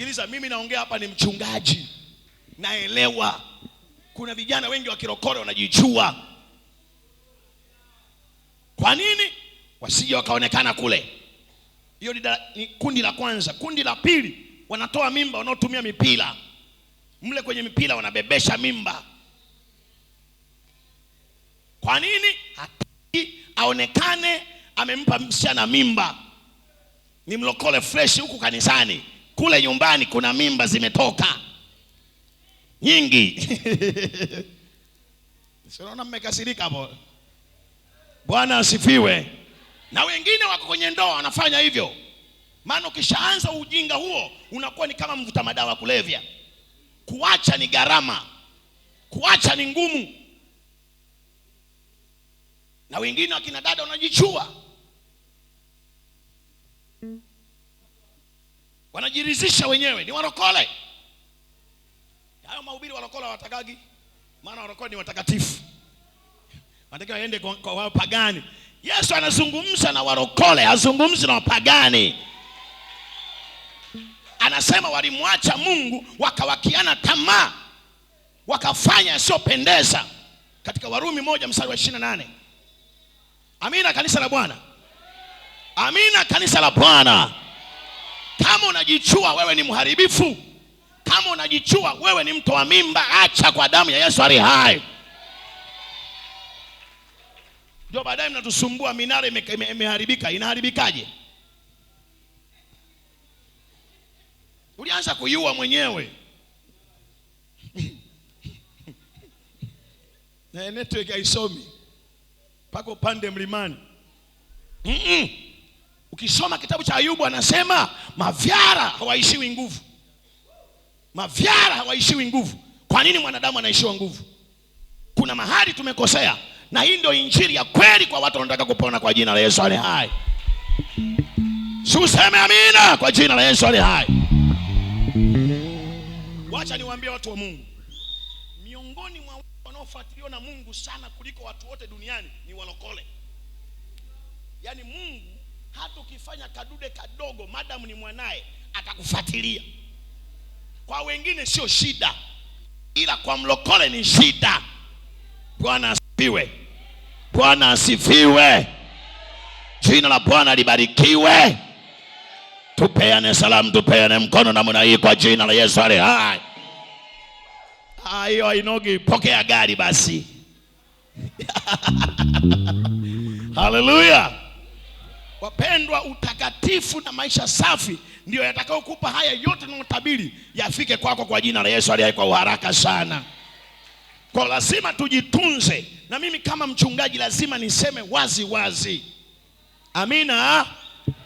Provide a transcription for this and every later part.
Sikiliza, mimi naongea hapa, ni mchungaji, naelewa kuna vijana wengi wa kirokore wanajijua. Kwa nini wasije wakaonekana kule? Hiyo ni kundi la kwanza. Kundi la pili, wanatoa mimba, wanaotumia mipira mle kwenye mipira wanabebesha mimba. Kwa nini? Hataki aonekane amempa msichana mimba, ni mlokole fresh huku kanisani kule nyumbani kuna mimba zimetoka nyingi. Sinaona mmekasirika hapo. Bwana asifiwe. Na wengine wako kwenye ndoa wanafanya hivyo, maana ukishaanza ujinga huo unakuwa ni kama mvuta madawa kulevya. Kuacha ni gharama, kuacha ni ngumu. Na wengine wakina dada wanajichua wanajiridhisha wenyewe ni warokole. Hayo mahubiri warokole watakagi, maana warokole ni watakatifu, wanatakiwa waende kwa, kwa wapagani. Yesu anazungumza na warokole, azungumzi na wapagani. Anasema walimwacha Mungu wakawakiana tamaa, wakafanya yasiyopendeza, katika Warumi moja msari wa ishirini na nane. Amina kanisa la Bwana, amina kanisa la Bwana. Kama unajichua wewe ni mharibifu, kama unajichua wewe ni mtoa mimba, acha kwa damu ya Yesu ali hai. Ndio baadaye mnatusumbua, minara imeharibika. Inaharibikaje? Ulianza kuiua mwenyewe. na network haisomi mpaka upande mlimani. mm -mm. Ukisoma kitabu cha Ayubu anasema mavyara hawaishiwi nguvu, mavyara hawaishiwi nguvu. Kwa nini mwanadamu anaishiwa nguvu? Kuna mahali tumekosea, na hii ndio injili ya kweli kwa watu wanataka kupona kwa jina la Yesu ali hai. Si useme amina kwa jina la Yesu ali hai. Wacha niwaambie watu wa Mungu, miongoni mwa wanaofuatiliwa na Mungu sana kuliko watu wote duniani ni walokole, yaani Mungu ukifanya kadude kadogo, madamu ni mwanaye, atakufuatilia. Kwa wengine sio shida, ila kwa mlokole ni shida. Bwana asifiwe! Bwana asifiwe! Jina la Bwana libarikiwe. Tupeane salamu, tupeane mkono namna hii kwa jina la Yesu ale hai. Hiyo hainogi, pokea gari basi. Haleluya! Wapendwa, utakatifu na maisha safi ndio yatakayokupa haya yote naotabiri yafike kwako kwa, kwa jina la Yesu aliye kwa uharaka sana. Kwa lazima tujitunze, na mimi kama mchungaji lazima niseme wazi wazi, amina,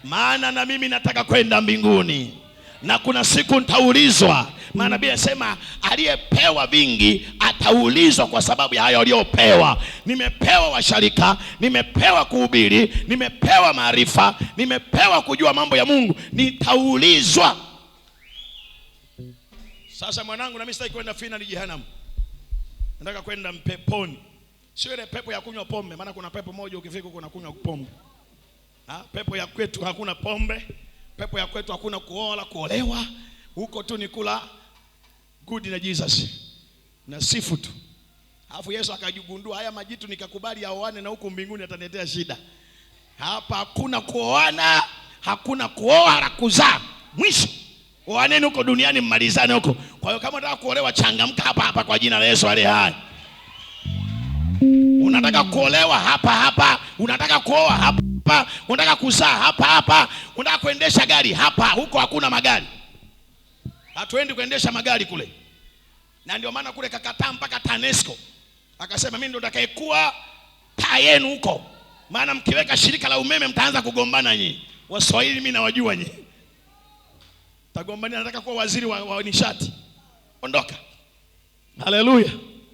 maana na mimi nataka kwenda mbinguni na kuna siku nitaulizwa, maana Biblia inasema aliyepewa vingi ataulizwa kwa sababu ya hayo aliyopewa. Nimepewa washarika, nimepewa kuhubiri, nimepewa maarifa, nimepewa kujua mambo ya Mungu, nitaulizwa. Sasa mwanangu, na mimi sitaki kwenda finali jehanamu, nataka kwenda mpeponi, sio ile pepo ya kunywa pombe. Maana kuna pepo moja ukifika huko unakunywa pombe. Ha? pepo ya kwetu hakuna pombe Pepo ya kwetu hakuna kuoa wala kuolewa, huko tu ni kula good na Jesus na sifu tu. Alafu Yesu akajigundua haya majitu, nikakubali yaoane na huko mbinguni ataniletea shida. Hapa hakuna kuoana, hakuna kuoa la kuzaa, mwisho oaneni huko duniani, mmalizane huko. Kwa hiyo kama unataka kuolewa, changamka hapa hapa kwa jina la Yesu aliye hai. Unataka kuolewa hapa hapa, unataka kuoa hapa hapa, unataka kuzaa hapa hapa, unataka kuendesha gari hapa. Huko hakuna magari, hatuendi kuendesha magari kule, na ndio maana kule kakataa mpaka TANESCO akasema mimi ndio nitakayekuwa taa yenu huko, maana mkiweka shirika la umeme mtaanza kugombana nyinyi. Waswahili mimi nawajua nyinyi, tagombania. Nataka kuwa waziri wa, wa nishati, ondoka. Haleluya.